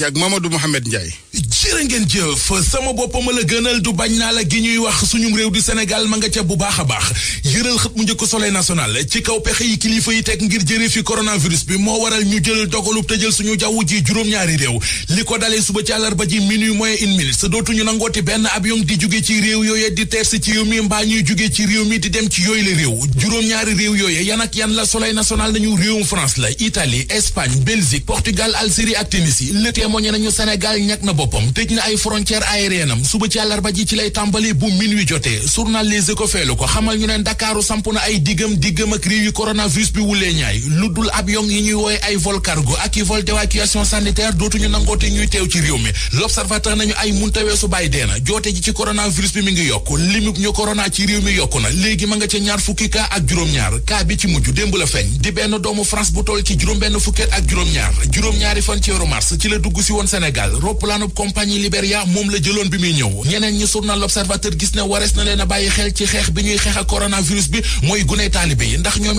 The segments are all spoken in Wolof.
ci ak Mamadou Mouhamed Ndiaye. jërë ngeen jëf sama boppama la gënal du bañ naa la gi ñuy wax suñu réew di Sénégal ma nga ca bu baax a baax yëral xët mu njëkk soleil national ci kaw pexe yi kilifa yi teg ngir jëre fi coronavirus bi moo waral ñu jël dogalub tëjël suñu jaww ji juróom-ñaari réew li ko dalee suba ci àllarba ji minuit moins une sa dootuñu nangooti benn avion di jóge ci réew yooye di teer si ci réew mi mbaa ñuy jóge ci réew mi di dem ci yooyu la réew juróom-ñaari réew yooye yan ak yan la soleil national nañu réewum France la Italie Espagne Belgique Portugal Algérie ak Tunisie le témoigné nañu Sénégal ñàkk na boppam moom na ay frontière aérienne am suba ci àllarba ji ci lay tàmbali bu minuit jotee journal Les Échos feelu ko xamal ñu ne Ndakaaru samp na ay diggam diggam ak réew yu coronavirus bi wulee ñaay lu dul ab avion yi ñuy wooye ay vol cargo ak i vol d'évacuation sanitaire dootuñu nangoote ñuy teew ci réew mi L'Observateur nañu ay muntawee su bàyyi deena joote ji ci coronavirus bi mi ngi yokk limub ñu corona ci réew mi yokk na léegi ma nga ca ñaar fukki cas ak juróom-ñaar cas bi mujj démb la feeñ benn doomu France bu toll ci juróom benn fukket ak juróom juróom-ñaari fan ci weeru mars la dugg si woon Sénégal roplaanub compagnie Liberia moom la jëloon bi muy ñëw ñeneen ñi journal l'Observateur gis ne warees na leen a bàyyi xel ci xeex bi ñuy xeex ak coronavirus bi mooy guney taalibe yi ndax ñoom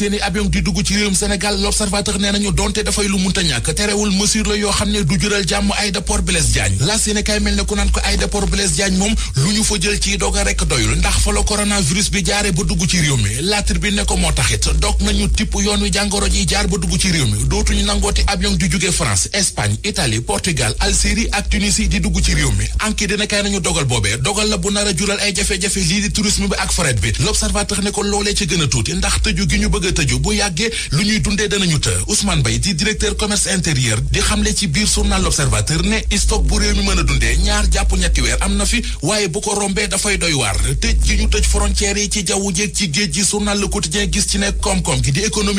i avion di dugg ci nañu donte dafay lu munta ñàkk terewul mesure yoo xam ne du jural jàmm aéroport Blaise Diagne la seen kay mel ne ku naan ko aéroport Blaise Diagne moom lu ñu fa jël ci dogal rek doyul ndax fa la coronavirus bi jaare ba dugg ci réew mi la tribune ne ko moo taxit dog nañu tipp yoon wi jàngoro ji jaar ba dugg ci réew mi dootuñu nangooti avion di jóge France Espagne Italie Portugal Algérie ak Tunisie di dugg ci réew mi anki dina kay nañu dogal boobee dogal la bu nar a jural ay jafe-jafe lii di tourisme bi ak fret bi l'observateur ne ko loolee ci gën a tuuti ndax tëju gi ñu bëgg a tëju bu yàggee lu ñuy dundee danañu të Ousmane Bay di directeur commerce intérieur di xamle ci biir journal l'observateur ne stock bu réew mi mën a dundee ñaar jàpp ñetti weer am na fi waaye bu ko rombee dafay doy waar tëj gi yi ci jaww jeeg ci géej gi journal le quotidien gis ci ne koom-koom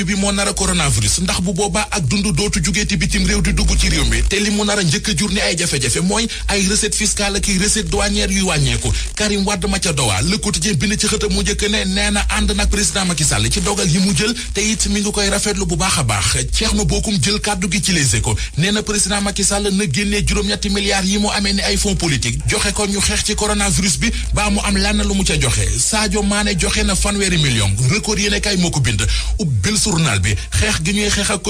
bi moo nar a coronavirus ndax bu boobaa ak dund dootu jugeeti bitim réew di dugg ci réew mi te li mu nar a njëkk a jur ni ay jafe-jafe mooy ay recette fiscale ak recette douanière yuy wàññeeku Karim Wade ma ca dowa Le Quotidien bind ci xëtam mu njëkk ne nee na ànd nag président Macky Sall ci dogal yi mu jël te it mi ngi koy rafetlu bu baax a baax Thierno Bocoum jël kàddu gi ci Les Échos nee na président Macky Sall na génnee juróom-ñetti milliards yi mu amee ni ay fonds politique joxe ko ñu xeex ci coronavirus bi baa mu am lan lu mu ca joxe Sadio Mané joxe na million record yéene kay moo ko bind ubbil journal bi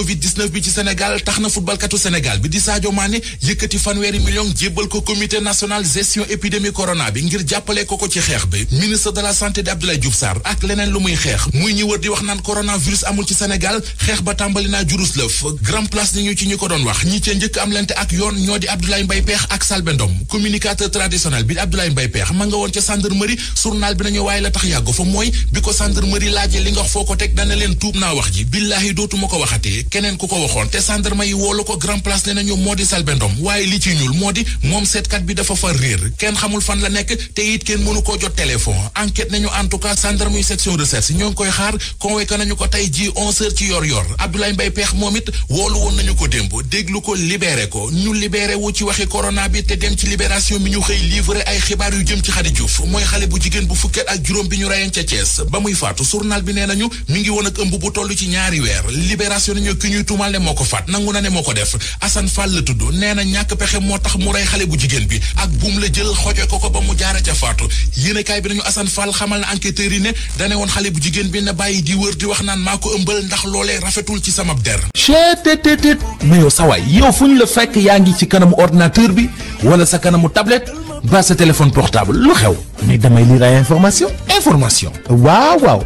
covid 19 bi ci Sénégal tax na footballkatu Sénégal bi di Sadio Mané yëkkati fanweeri million jébbal ko comité national gestion épidémie corona bi ngir jàppale ko ko ci xeex bi ministre de la santé di Abdoulaye Diouf ak leneen lu muy xeex muy ñi wër di wax naan coronavirus amul ci senegal xeex ba tàmbali naa jurus lëf grand place ni ñu ci ñi ko doon wax ñi cee njëkk am lente ak yoon ñoo di Abdoulaye Mbaye Peex ak Salbe Ndom communicateur traditionnel bi di nga woon ca gendarmerie journal bi la tax yàggu fa mooy ko gendarmerie laajee li nga wax foo ko teg dana leen tuub naa wax ji billaahi dootuma ko waxatee keneen ku ko waxoon te gendarme yi woolu ko grand place ne nañu moo di salbendom waaye li ci ñuul moo di moom seetkat bi dafa fa réer kenn xamul fan la nekk te it kenn mënu koo jot téléphone enquête nañu en tout cas gendarme yu section recherche ñoo ngi koy xaar convoqué nañu ko tey ji on heures ci yor yor Abdoulaye Mbaye Peex moom it woolu woon nañu ko démb déglu ko libéré ko ñu libéré wu ci waxi corona bi te dem ci libération bi ñu xëy livré ay xibaar yu jëm ci Khady Diouf xale bu jigéen bu fukket ak juróom bi ñu reyen ca Thiès ba muy faatu journal bi nee nañu mi ngi woon ak ëmb bu toll ci ñaari weer libération nañu ki ñuy tuumal ne moo ko faat nangu na ne moo ko def Assane Fall la tudd nee na ñàkk pexe moo tax mu rey xale bu jigéen bi ak buum la jël xojo ko ko ba mu jaara ca faatu yéenekaay bi nañu Assane Fall xamal na enquêteurs yi ne dane woon xale bu jigéen bi na bàyyi di wër di wax naan maa ko ëmbal ndax loolee rafetul ci sama der chetttt te yow sawaay yow fu ñu la fekk yaa ngi ci kanamu ordinateur bi wala sa kanamu tablette ba sa téléphone portable lu xew mais damay lire ay information information waaw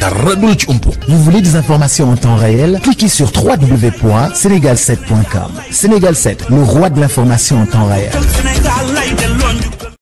dara du la ci umpu. Vous voulez des informations en temps réel? Cliquez sur www.senegal7.com. Sénégal set le roi de l'information en temps réel.